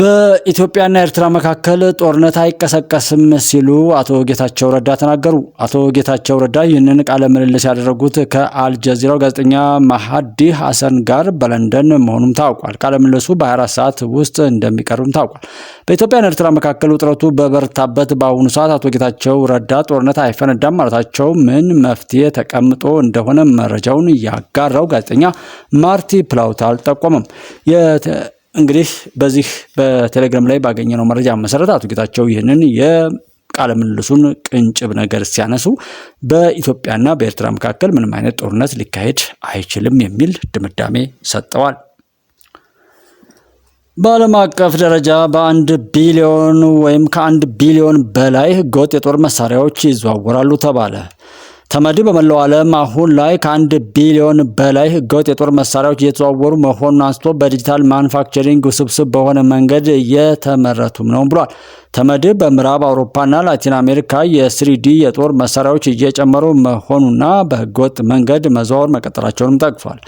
በኢትዮጵያና ኤርትራ መካከል ጦርነት አይቀሰቀስም ሲሉ አቶ ጌታቸው ረዳ ተናገሩ። አቶ ጌታቸው ረዳ ይህንን ቃለ ምልልስ ያደረጉት ከአልጀዚራው ጋዜጠኛ ማሃዲ ሐሰን ጋር በለንደን መሆኑም ታውቋል። ቃለ ምልልሱ በ24 ሰዓት ውስጥ እንደሚቀርብም ታውቋል። በኢትዮጵያና ኤርትራ መካከል ውጥረቱ በበርታበት በአሁኑ ሰዓት አቶ ጌታቸው ረዳ ጦርነት አይፈነዳም ማለታቸው ምን መፍትሄ ተቀምጦ እንደሆነ መረጃውን ያጋራው ጋዜጠኛ ማርቲ ፕላውት አልጠቆመም። እንግዲህ በዚህ በቴሌግራም ላይ ባገኘነው መረጃ መሰረት አቶ ጌታቸው ይህንን የቃለ ምልልሱን ቅንጭብ ነገር ሲያነሱ በኢትዮጵያና በኤርትራ መካከል ምንም አይነት ጦርነት ሊካሄድ አይችልም የሚል ድምዳሜ ሰጠዋል። በዓለም አቀፍ ደረጃ በአንድ ቢሊዮን ወይም ከአንድ ቢሊዮን በላይ ህገወጥ የጦር መሳሪያዎች ይዘዋወራሉ ተባለ። ተመድ በመላው ዓለም አሁን ላይ ከአንድ ቢሊዮን በላይ ህገወጥ የጦር መሳሪያዎች እየተዘዋወሩ መሆኑን አንስቶ በዲጂታል ማኑፋክቸሪንግ ውስብስብ በሆነ መንገድ እየተመረቱም ነው ብሏል። ተመድ በምዕራብ አውሮፓና ላቲን አሜሪካ የስሪዲ የጦር መሳሪያዎች እየጨመሩ መሆኑና በህገወጥ መንገድ መዘዋወር መቀጠላቸውንም ጠቅሷል።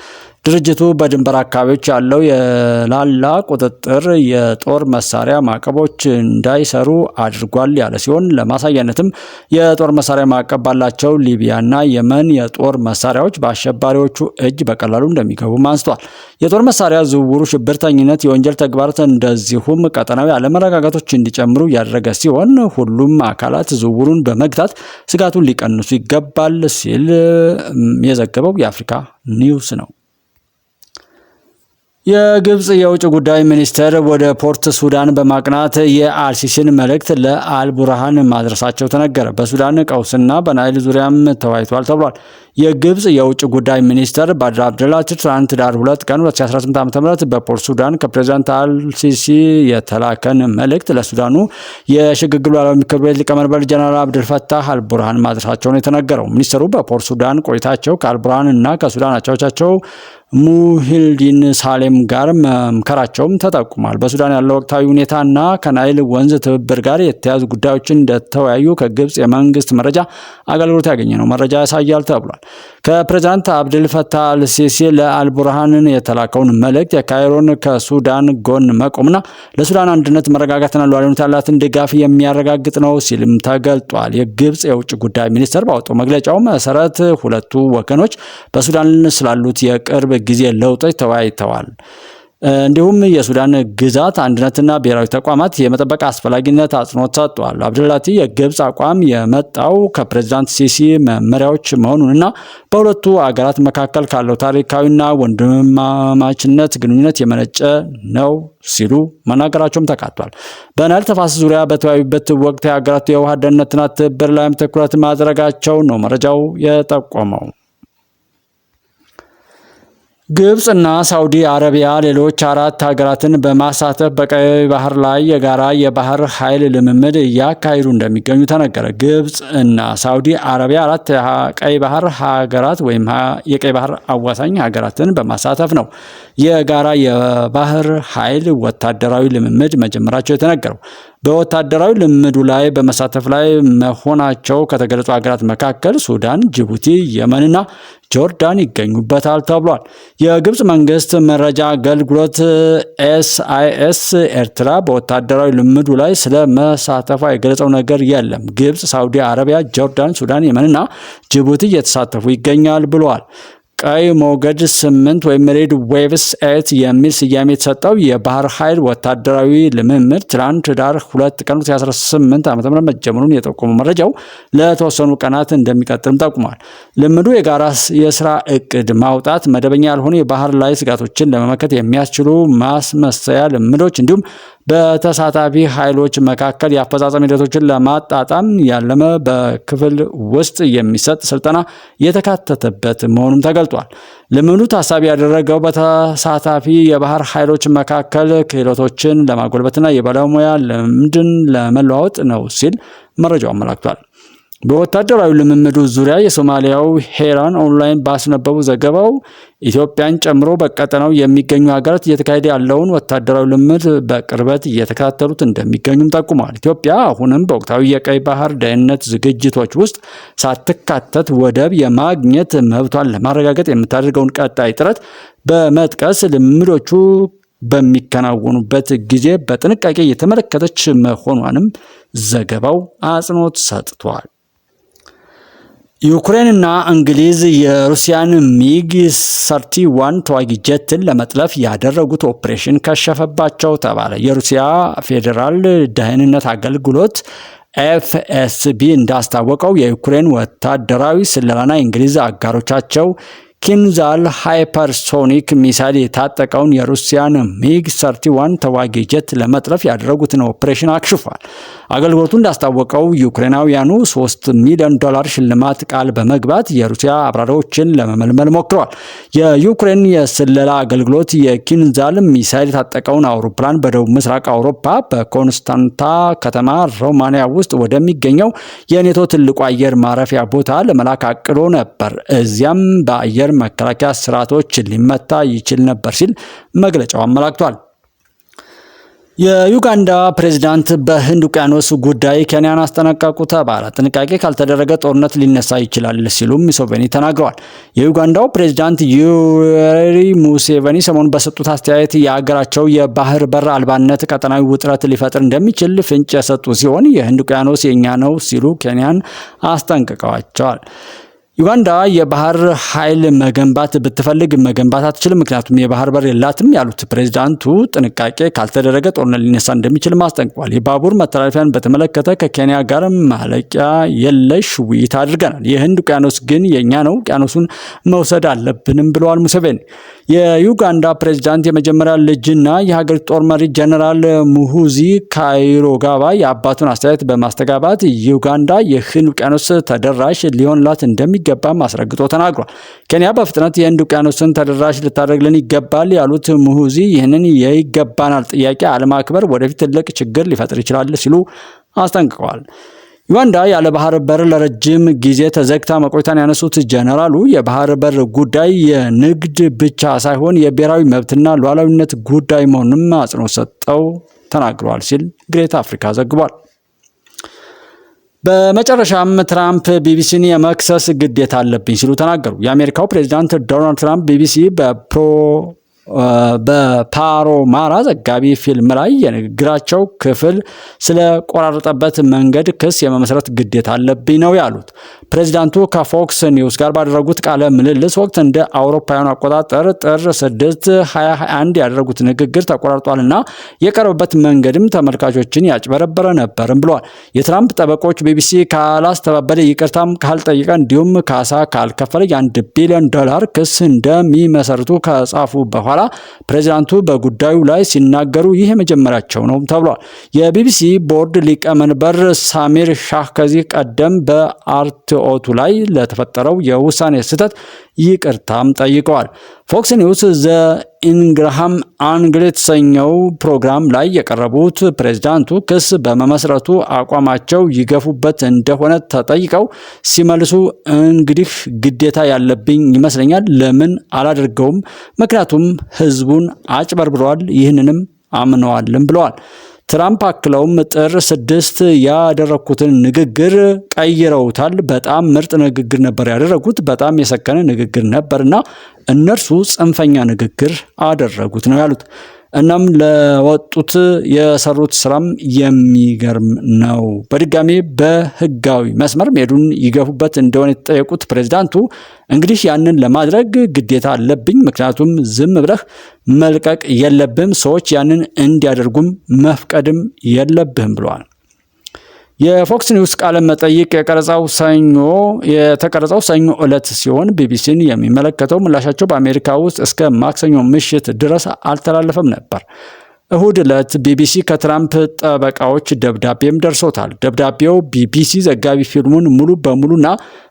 ድርጅቱ በድንበር አካባቢዎች ያለው የላላ ቁጥጥር የጦር መሳሪያ ማዕቀቦች እንዳይሰሩ አድርጓል ያለ ሲሆን ለማሳያነትም የጦር መሳሪያ ማዕቀብ ባላቸው ሊቢያና የመን የጦር መሳሪያዎች በአሸባሪዎቹ እጅ በቀላሉ እንደሚገቡም አንስቷል። የጦር መሳሪያ ዝውውሩ ሽብርተኝነት፣ የወንጀል ተግባራት እንደዚሁም ቀጠናዊ አለመረጋጋቶች እንዲጨምሩ ያደረገ ሲሆን ሁሉም አካላት ዝውውሩን በመግታት ስጋቱን ሊቀንሱ ይገባል ሲል የዘገበው የአፍሪካ ኒውስ ነው። የግብፅ የውጭ ጉዳይ ሚኒስትር ወደ ፖርት ሱዳን በማቅናት የአልሲሲን መልእክት ለአልቡርሃን ማድረሳቸው ተነገረ። በሱዳን ቀውስና በናይል ዙሪያም ተወያይቷል ተብሏል። የግብጽ የውጭ ጉዳይ ሚኒስትር ባድር አብደላት ትናንት ዳር 2 ቀን 2018 ም በፖርት ሱዳን ከፕሬዚዳንት አልሲሲ የተላከን መልእክት ለሱዳኑ የሽግግር ሉዓላዊ ምክር ቤት ሊቀመንበር ጀነራል አብድልፈታህ አልቡርሃን ማድረሳቸውን የተነገረው ሚኒስትሩ በፖርት ሱዳን ቆይታቸው ከአልቡርሃን እና ከሱዳን አቻዎቻቸው ሙሂልዲን ሳሌም ጋር መምከራቸውም ተጠቁሟል። በሱዳን ያለው ወቅታዊ ሁኔታ እና ከናይል ወንዝ ትብብር ጋር የተያዙ ጉዳዮችን እንደተወያዩ ከግብጽ የመንግስት መረጃ አገልግሎት ያገኘ ነው መረጃ ያሳያል ተብሏል። ተናግረዋል። ከፕሬዚዳንት አብድል አልሲሲ ለአልቡርሃንን የተላከውን መልእክት የካይሮን ከሱዳን ጎን መቆምና ለሱዳን አንድነት መረጋጋትና ሉዓላዊነት ያላትን ድጋፍ የሚያረጋግጥ ነው ሲልም ተገልጧል። የግብፅ የውጭ ጉዳይ ሚኒስቴር ባወጣው መግለጫው መሰረት ሁለቱ ወገኖች በሱዳን ስላሉት የቅርብ ጊዜ ለውጦች ተወያይተዋል። እንዲሁም የሱዳን ግዛት አንድነትና ብሔራዊ ተቋማት የመጠበቅ አስፈላጊነት አጽንኦት ሰጥተዋል። አብደላቲ የግብፅ አቋም የመጣው ከፕሬዚዳንት ሲሲ መመሪያዎች መሆኑንና በሁለቱ አገራት መካከል ካለው ታሪካዊና ወንድማማችነት ግንኙነት የመነጨ ነው ሲሉ መናገራቸውም ተካቷል። በናይል ተፋሰስ ዙሪያ በተወያዩበት ወቅት የሀገራቱ የውሃ ደህንነትና ትብብር ላይም ትኩረት ማድረጋቸው ነው መረጃው የጠቆመው። ግብፅና ሳውዲ አረቢያ ሌሎች አራት ሀገራትን በማሳተፍ በቀይ ባህር ላይ የጋራ የባህር ኃይል ልምምድ እያካሄዱ እንደሚገኙ ተነገረ። ግብፅ እና ሳውዲ አረቢያ አራት ቀይ ባህር ሀገራት ወይም የቀይ ባህር አዋሳኝ ሀገራትን በማሳተፍ ነው የጋራ የባህር ኃይል ወታደራዊ ልምምድ መጀመራቸው የተነገረው። በወታደራዊ ልምዱ ላይ በመሳተፍ ላይ መሆናቸው ከተገለጹ ሀገራት መካከል ሱዳን፣ ጅቡቲ፣ የመንና ጆርዳን ይገኙበታል ተብሏል። የግብፅ መንግስት መረጃ አገልግሎት ኤስአይኤስ ኤርትራ በወታደራዊ ልምዱ ላይ ስለ መሳተፏ የገለጸው ነገር የለም። ግብፅ፣ ሳውዲ አረቢያ፣ ጆርዳን፣ ሱዳን፣ የመንና ጅቡቲ እየተሳተፉ ይገኛል ብለዋል። ቀይ ሞገድ ስምንት ወይም ሬድ ዌቭስ ኤት የሚል ስያሜ የተሰጠው የባህር ኃይል ወታደራዊ ልምምድ ትናንት ዳር ሁለት ቀን 2018 ዓ ም መጀመሩን የጠቆመው መረጃው ለተወሰኑ ቀናት እንደሚቀጥልም ጠቁሟል። ልምዱ የጋራ የስራ እቅድ ማውጣት፣ መደበኛ ያልሆኑ የባህር ላይ ስጋቶችን ለመመከት የሚያስችሉ ማስመሰያ ልምዶች እንዲሁም በተሳታፊ ኃይሎች መካከል የአፈጻጸም ሂደቶችን ለማጣጣም ያለመ በክፍል ውስጥ የሚሰጥ ስልጠና የተካተተበት መሆኑም ተገልጧል። ልምዱ ታሳቢ ያደረገው በተሳታፊ የባህር ኃይሎች መካከል ክህሎቶችን ለማጎልበትና የባለሙያ ልምድን ለመለዋወጥ ነው ሲል መረጃው አመላክቷል። በወታደራዊ ልምምዱ ዙሪያ የሶማሊያው ሄራን ኦንላይን ባስነበቡ ዘገባው ኢትዮጵያን ጨምሮ በቀጠናው የሚገኙ ሀገራት እየተካሄደ ያለውን ወታደራዊ ልምምድ በቅርበት እየተከታተሉት እንደሚገኙም ጠቁመዋል። ኢትዮጵያ አሁንም በወቅታዊ የቀይ ባህር ደህንነት ዝግጅቶች ውስጥ ሳትካተት ወደብ የማግኘት መብቷን ለማረጋገጥ የምታደርገውን ቀጣይ ጥረት በመጥቀስ ልምምዶቹ በሚከናወኑበት ጊዜ በጥንቃቄ የተመለከተች መሆኗንም ዘገባው አጽንኦት ሰጥቷል። ዩክሬንና እንግሊዝ የሩሲያን ሚግ 31 ተዋጊ ጀትን ለመጥለፍ ያደረጉት ኦፕሬሽን ከሸፈባቸው ተባለ። የሩሲያ ፌዴራል ደህንነት አገልግሎት ኤፍኤስቢ እንዳስታወቀው የዩክሬን ወታደራዊ ስለላና የእንግሊዝ አጋሮቻቸው ኪንዛል ሃይፐርሶኒክ ሚሳይል የታጠቀውን የሩሲያን ሚግ 31 ተዋጊ ጀት ለመጥለፍ ያደረጉትን ኦፕሬሽን አክሽፏል። አገልግሎቱ እንዳስታወቀው ዩክሬናውያኑ 3 ሚሊዮን ዶላር ሽልማት ቃል በመግባት የሩሲያ አብራሪዎችን ለመመልመል ሞክረዋል። የዩክሬን የስለላ አገልግሎት የኪንዛል ሚሳይል የታጠቀውን አውሮፕላን በደቡብ ምስራቅ አውሮፓ በኮንስታንታ ከተማ ሮማንያ ውስጥ ወደሚገኘው የኔቶ ትልቁ አየር ማረፊያ ቦታ ለመላክ አቅዶ ነበር። እዚያም በአየር የአየር መከላከያ ስርዓቶች ሊመታ ይችል ነበር ሲል መግለጫው አመላክቷል። የዩጋንዳ ፕሬዚዳንት በህንድ ውቅያኖስ ጉዳይ ኬንያን አስጠነቀቁ ተባለ። ጥንቃቄ ካልተደረገ ጦርነት ሊነሳ ይችላል ሲሉም ሙሴቬኒ ተናግረዋል። የዩጋንዳው ፕሬዚዳንት ዩዌሪ ሙሴቬኒ ሰሞኑን በሰጡት አስተያየት የአገራቸው የባህር በር አልባነት ቀጠናዊ ውጥረት ሊፈጥር እንደሚችል ፍንጭ የሰጡ ሲሆን የህንድ ውቅያኖስ የእኛ ነው ሲሉ ኬንያን አስጠንቅቀዋቸዋል። ዩጋንዳ የባህር ኃይል መገንባት ብትፈልግ መገንባት አትችልም፣ ምክንያቱም የባህር በር የላትም ያሉት ፕሬዚዳንቱ ጥንቃቄ ካልተደረገ ጦርነት ሊነሳ እንደሚችል አስጠንቅቋል። የባቡር መተላለፊያን በተመለከተ ከኬንያ ጋር ማለቂያ የለሽ ውይይት አድርገናል። የህንድ ውቅያኖስ ግን የእኛ ነው፣ ውቅያኖሱን መውሰድ አለብንም ብለዋል ሙሴቬኒ። የዩጋንዳ ፕሬዚዳንት የመጀመሪያ ልጅና የሀገሪቱ ጦር መሪ ጀነራል ሙሁዚ ካይሮጋባ የአባቱን አስተያየት በማስተጋባት ዩጋንዳ የህንድ ውቅያኖስ ተደራሽ ሊሆንላት እንደሚገ እንደሚገባም አስረግጦ ተናግሯል። ኬንያ በፍጥነት የህንድ ውቅያኖስን ተደራሽ ልታደርግልን ይገባል ያሉት ምሁዚ ይህንን የይገባናል ጥያቄ አለማክበር ወደፊት ትልቅ ችግር ሊፈጥር ይችላል ሲሉ አስጠንቅቀዋል። ዩዋንዳ ያለ ባህር በር ለረጅም ጊዜ ተዘግታ መቆይታን ያነሱት ጀነራሉ የባህር በር ጉዳይ የንግድ ብቻ ሳይሆን የብሔራዊ መብትና ሉዓላዊነት ጉዳይ መሆኑንም አጽንኦት ሰጠው ተናግረዋል ሲል ግሬት አፍሪካ ዘግቧል። በመጨረሻም ትራምፕ ቢቢሲን የመክሰስ ግዴታ አለብኝ ሲሉ ተናገሩ። የአሜሪካው ፕሬዚዳንት ዶናልድ ትራምፕ ቢቢሲ በፕሮ በፓሮማራ ዘጋቢ ፊልም ላይ የንግግራቸው ክፍል ስለቆራረጠበት መንገድ ክስ የመመስረት ግዴታ አለብኝ ነው ያሉት። ፕሬዚዳንቱ ከፎክስ ኒውስ ጋር ባደረጉት ቃለ ምልልስ ወቅት እንደ አውሮፓውያኑ አቆጣጠር ጥር 6 2021 ያደረጉት ንግግር ተቆራርጧልና የቀረበበት መንገድም ተመልካቾችን ያጭበረበረ ነበርም ብሏል። የትራምፕ ጠበቆች ቢቢሲ ካላስተባበለ ይቅርታም ካልጠየቀ እንዲሁም ካሳ ካልከፈለ የአንድ ቢሊዮን ዶላር ክስ እንደሚመሰርቱ ከጻፉ በኋላ በኋላ ፕሬዚዳንቱ በጉዳዩ ላይ ሲናገሩ ይህ የመጀመሪያቸው ነው ተብሏል። የቢቢሲ ቦርድ ሊቀመንበር ሳሚር ሻህ ከዚህ ቀደም በአርትኦቱ ላይ ለተፈጠረው የውሳኔ ስህተት ይቅርታም ጠይቀዋል። ፎክስ ኒውስ ዘ ኢንግርሃም አንግል የተሰኘው ፕሮግራም ላይ የቀረቡት ፕሬዝዳንቱ ክስ በመመስረቱ አቋማቸው ይገፉበት እንደሆነ ተጠይቀው ሲመልሱ እንግዲህ ግዴታ ያለብኝ ይመስለኛል፣ ለምን አላደርገውም? ምክንያቱም ህዝቡን አጭበርብረዋል፣ ይህንንም አምነዋልም ብለዋል። ትራምፕ አክለውም ጥር ስድስት ያደረግኩትን ንግግር ቀይረውታል። በጣም ምርጥ ንግግር ነበር ያደረጉት። በጣም የሰከነ ንግግር ነበርና እነርሱ ጽንፈኛ ንግግር አደረጉት ነው ያሉት። እናም ለወጡት የሰሩት ስራም የሚገርም ነው። በድጋሜ በህጋዊ መስመር መሄዱን ይገፉበት እንደሆነ የተጠየቁት ፕሬዚዳንቱ እንግዲህ ያንን ለማድረግ ግዴታ አለብኝ፣ ምክንያቱም ዝም ብለህ መልቀቅ የለብህም፣ ሰዎች ያንን እንዲያደርጉም መፍቀድም የለብህም ብለዋል። የፎክስ ኒውስ ቃለ መጠይቅ የቀረጻው ሰኞ የተቀረጸው ሰኞ ዕለት ሲሆን ቢቢሲን የሚመለከተው ምላሻቸው በአሜሪካ ውስጥ እስከ ማክሰኞ ምሽት ድረስ አልተላለፈም ነበር። እሁድ ዕለት ቢቢሲ ከትራምፕ ጠበቃዎች ደብዳቤም ደርሶታል። ደብዳቤው ቢቢሲ ዘጋቢ ፊልሙን ሙሉ በሙሉና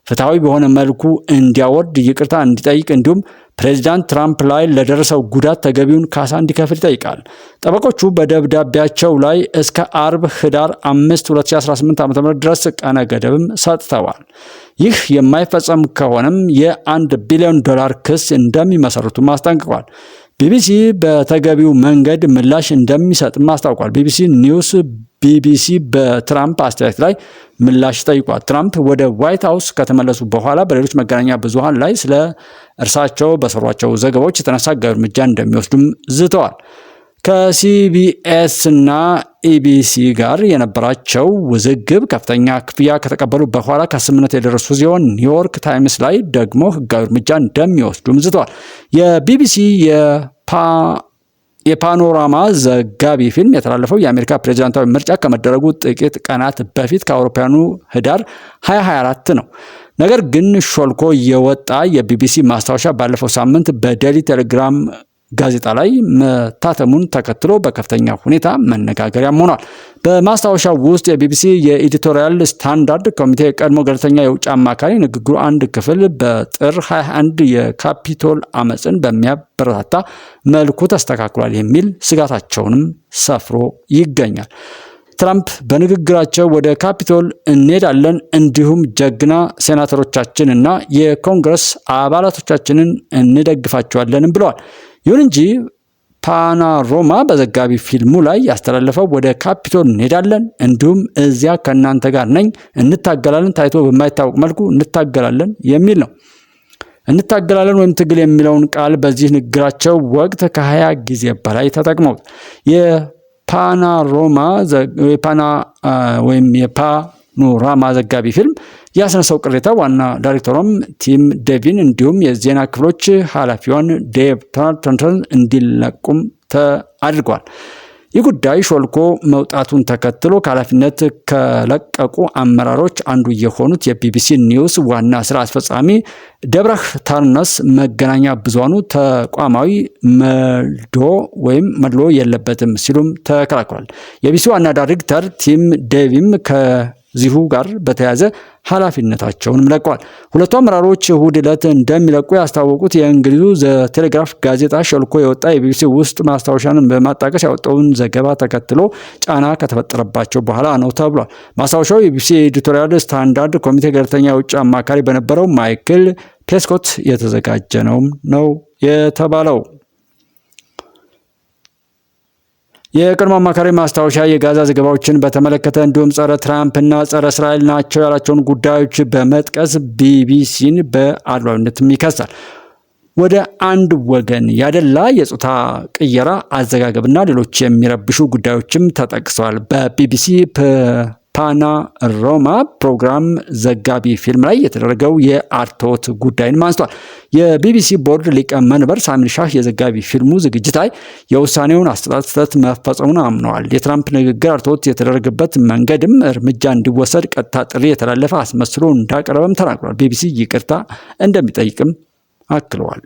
ፍትሐዊ በሆነ መልኩ እንዲያወርድ፣ ይቅርታ እንዲጠይቅ እንዲሁም ፕሬዚዳንት ትራምፕ ላይ ለደረሰው ጉዳት ተገቢውን ካሳ እንዲከፍል ይጠይቃል። ጠበቆቹ በደብዳቤያቸው ላይ እስከ አርብ ህዳር 5 2018 ም ድረስ ቀነ ገደብም ሰጥተዋል። ይህ የማይፈጸም ከሆነም የአንድ ቢሊዮን ዶላር ክስ እንደሚመሰርቱ አስጠንቅቋል። ቢቢሲ በተገቢው መንገድ ምላሽ እንደሚሰጥም አስታውቋል። ቢቢሲ ኒውስ ቢቢሲ በትራምፕ አስተያየት ላይ ምላሽ ጠይቋል። ትራምፕ ወደ ዋይት ሀውስ ከተመለሱ በኋላ በሌሎች መገናኛ ብዙሃን ላይ ስለ እርሳቸው በሰሯቸው ዘገባዎች የተነሳ እርምጃ እንደሚወስዱም ዝተዋል። ከሲቢኤስ እና ኢቢሲ e ጋር የነበራቸው ውዝግብ ከፍተኛ ክፍያ ከተቀበሉ በኋላ ከስምምነት የደረሱ ሲሆን ኒውዮርክ ታይምስ ላይ ደግሞ ሕጋዊ እርምጃ እንደሚወስዱ ምዝተዋል። የቢቢሲ የፓኖራማ ዘጋቢ ፊልም የተላለፈው የአሜሪካ ፕሬዚዳንታዊ ምርጫ ከመደረጉ ጥቂት ቀናት በፊት ከአውሮፓውያኑ ህዳር 2024 ነው። ነገር ግን ሾልኮ የወጣ የቢቢሲ ማስታወሻ ባለፈው ሳምንት በዴሊ ቴሌግራም ጋዜጣ ላይ መታተሙን ተከትሎ በከፍተኛ ሁኔታ መነጋገሪያም ሆኗል። በማስታወሻው ውስጥ የቢቢሲ የኤዲቶሪያል ስታንዳርድ ኮሚቴ የቀድሞ ገለልተኛ የውጭ አማካሪ ንግግሩ አንድ ክፍል በጥር 21 የካፒቶል አመፅን በሚያበረታታ መልኩ ተስተካክሏል የሚል ስጋታቸውንም ሰፍሮ ይገኛል። ትራምፕ በንግግራቸው ወደ ካፒቶል እንሄዳለን እንዲሁም ጀግና ሴናተሮቻችንና የኮንግረስ አባላቶቻችንን እንደግፋቸዋለንም ብለዋል። ይሁን እንጂ ፓናሮማ በዘጋቢ ፊልሙ ላይ ያስተላለፈው ወደ ካፒቶል እንሄዳለን፣ እንዲሁም እዚያ ከእናንተ ጋር ነኝ፣ እንታገላለን፣ ታይቶ በማይታወቅ መልኩ እንታገላለን የሚል ነው። እንታገላለን ወይም ትግል የሚለውን ቃል በዚህ ንግግራቸው ወቅት ከሀያ ጊዜ በላይ ተጠቅመውት የፓናሮማ ወይም የፓኖራማ ዘጋቢ ፊልም ያስነሳው ቅሬታ ዋና ዳይሬክተሯም ቲም ዴቪን እንዲሁም የዜና ክፍሎች ኃላፊዋን ዴቭ ታርተንተን እንዲለቁም አድርጓል። ይህ ጉዳይ ሾልኮ መውጣቱን ተከትሎ ከኃላፊነት ከለቀቁ አመራሮች አንዱ የሆኑት የቢቢሲ ኒውስ ዋና ስራ አስፈጻሚ ደብራህ ታርነስ መገናኛ ብዙሃኑ ተቋማዊ መልዶ ወይም መድሎ የለበትም ሲሉም ተከላክሏል። የቢቢሲ ዋና ዳይሬክተር ቲም ዴቪም ዚሁ ጋር በተያያዘ ኃላፊነታቸውንም ለቀዋል። ሁለቱ አመራሮች እሁድ ዕለት እንደሚለቁ ያስታወቁት የእንግሊዙ ዘቴሌግራፍ ጋዜጣ ሸልኮ የወጣ የቢቢሲ ውስጥ ማስታወሻን በማጣቀስ ያወጣውን ዘገባ ተከትሎ ጫና ከተፈጠረባቸው በኋላ ነው ተብሏል። ማስታወሻው የቢቢሲ ኤዲቶሪያል ስታንዳርድ ኮሚቴ ገለልተኛ የውጭ አማካሪ በነበረው ማይክል ፔስኮት የተዘጋጀ ነውም ነው የተባለው። የቅድሞ አማካሪ ማስታወሻ የጋዛ ዘገባዎችን በተመለከተ እንዲሁም ጸረ እና ጸረ እስራኤል ናቸው ያላቸውን ጉዳዮች በመጥቀስ ቢቢሲን በአድሏዊነትም ይከሳል። ወደ አንድ ወገን ያደላ የጾታ ቅየራ አዘጋገብና ሌሎች የሚረብሹ ጉዳዮችም ተጠቅሰዋል በቢቢሲ ፓናሮማ ፕሮግራም ዘጋቢ ፊልም ላይ የተደረገው የአርቶት ጉዳይንም አንስቷል። የቢቢሲ ቦርድ ሊቀመንበር ሳሚር ሻህ የዘጋቢ ፊልሙ ዝግጅት ላይ የውሳኔውን አሰጣጥ ስህተት መፈጸሙን አምነዋል። የትራምፕ ንግግር አርቶት የተደረገበት መንገድም እርምጃ እንዲወሰድ ቀጥታ ጥሪ የተላለፈ አስመስሎ እንዳቀረበም ተናግሯል። ቢቢሲ ይቅርታ እንደሚጠይቅም አክለዋል።